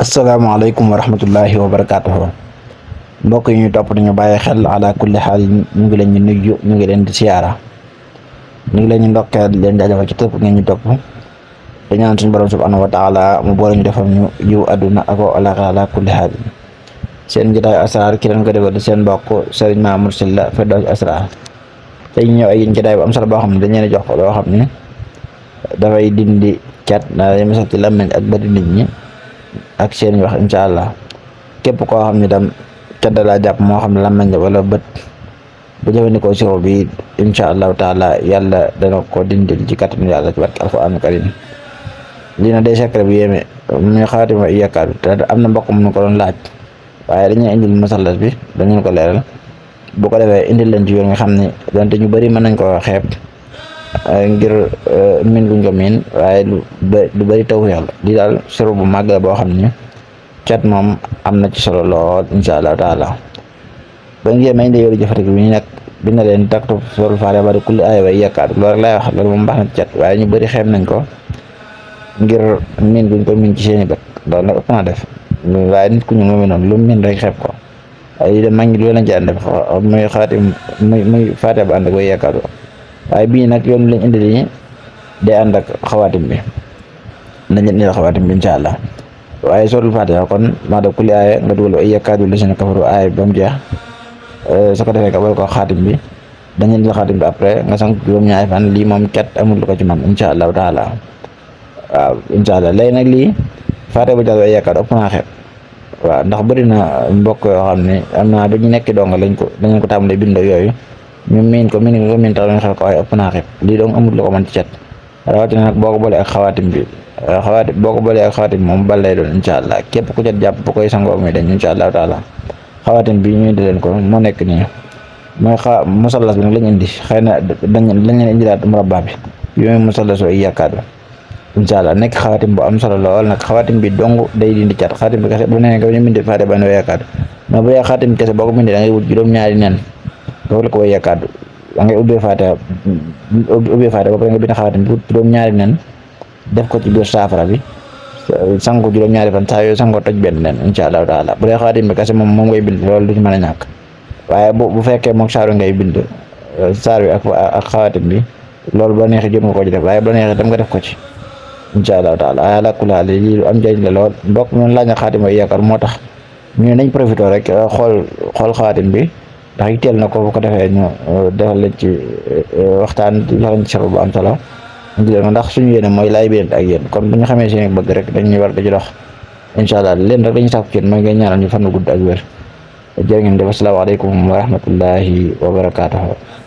assalamualaikum warahmatullahi wabarakatuh wa mbokk yi ñu topp ñu baye xel ala kulli hal ñu ngi leen nuyu ñu ngi leen di siyaara ñu ngi leen di ndokkeel leen jaajëfal ci top ngeen ñu top da ñaan suñu borom subhanahu wa taala mu boole ñu defal ñu yu aduna ak ala ala kulli hal seen jotaay asraar ki leen ko defal seen mbokk Serigne Mamour fa do Asraar tay ñu ay yéen jotaay bu am solo bo xam dañ leen a jox lo xam da fay dindi chat na yem sax ci ak badi nit ñi. ak seen wax incha allah képp koo xam ne tam cadda laa jàpp moo xam làmmañ wala bët bu jëfandikoo siro bi incha allahu taala yàlla dana ko dindil ci kattanu yàlla ci barke alquran karim li na day secret bu yéeme muy xaatima iyakaar ta am na mbokk mu ko doon laaj waaye dañuy indil masalas bi dañu ko leeral bu ko defee indil leen ci yoon nga xam ne donte ñu bëri mën nañ ko xeeb ngir euh, min luñ ko miin waaye lu bari taw yàlla li daal suro bu màgg boo xam ne cat moom am na ci solo lool insha allah taala ba ngeen may ndeyooru jëfandikoo bi ñu nekk bi na leen taktu sol faare bari kulli aaya way yàkkaat loolu rek laay wax loolu na cat waaye ñu bëri xeem nañ ko ngir miin buñ ko miin ci seeni bët loolu nag ëpp naa def waaye nit ku ñu moomee lu miin rek xeeb ko waaye li de maa ngi loolu lañ ci ànd muy xaati muy faate ba ànd koy yàkkaatoo waaye bii nag yoon lañ indi lii day ànd ak xawaatim bi nañ leen indil xawaatim bi incha allah waaye sootul fatiha kon maa def kulli aaya nga dugal ay yakkaadu li seen kafaru aaya ba mu jeex euh, su ko defee nga bal ko xaatim bi dañ leen indil xaatim bi après nga sank juróom-ñaari fan lii moom cat amul lu ko ci man incha allahu taala waaw incha allah léegi nag lii fatiha bu jàll ay yakkaadu ëpp naa xeeb waaw ndax bëri na mbokk yoo xam ne am naa ba ñu nekk donga lañ ko dañ ko tàmbalee bindoo yooyu. min ko min ko min tawen xal ko ay ëpp naa xeeb lii dong amul lu ko man ci chat rawati nak boko bolé ak xawaatim bi xawaati boko bolé ak xawaatim mom balay do inshallah incha képp ku jot japp bu koy sangoo muy dañ inshallah taala xawaatim bi ñuy dalen ko mo nek ni moy xa musallas bi nag lañ indi xeyna dañ lañ leen indi daal murabba bi yoy musallas ay yàkkaat inshallah nek allah nekk bu am solo lol nak xawaatim bi dong day dindi chat xawaatim bi kasse bu nee nga ñu mindi faade ban wa ma bu yàkkaatim kese boo ko mindi da ngay wut juroom ñaari nen loolu ko woy yakkaat da ngay ubbee faatiha ubbee faatiha ba pare nga bind xaatim bu ñaari nen def ko ci saafara bi sangu juróom-ñaari fan saa sangoo toj benn nen incha allahu taala bu dee xaatim bi kese moom moom ngay bind loolu du waaye bu bu fekkee moom saaru ngay bind saar bi ak ak xaatim bi loolu ba neexee jëm nga ko ci def waaye ba neexee tam nga def ko ci incha allahu taala waaye alaakulaa lii lu am lool mbokk ñun laaj na xaatim mooy yaakaar moo tax ñu nañ profité rek xool xool xaatim bi. ndax yitteel na ko bu ko defee ñu euh, defal leen ci euh, euh, waxtaan lañ ci bu am solo di leen ndax suñu yéene mooy laay biir ak yéen kon bu ñu xamee seen bëgg rek dañuy war dañu dox incha allah leen rek dañuy sàkku ci yéen mooy ngeen ñaanal ñu fan gudd ak wér jërë ngeen def asalaamaaleykum wa rahmatullahi wa barakaatuhu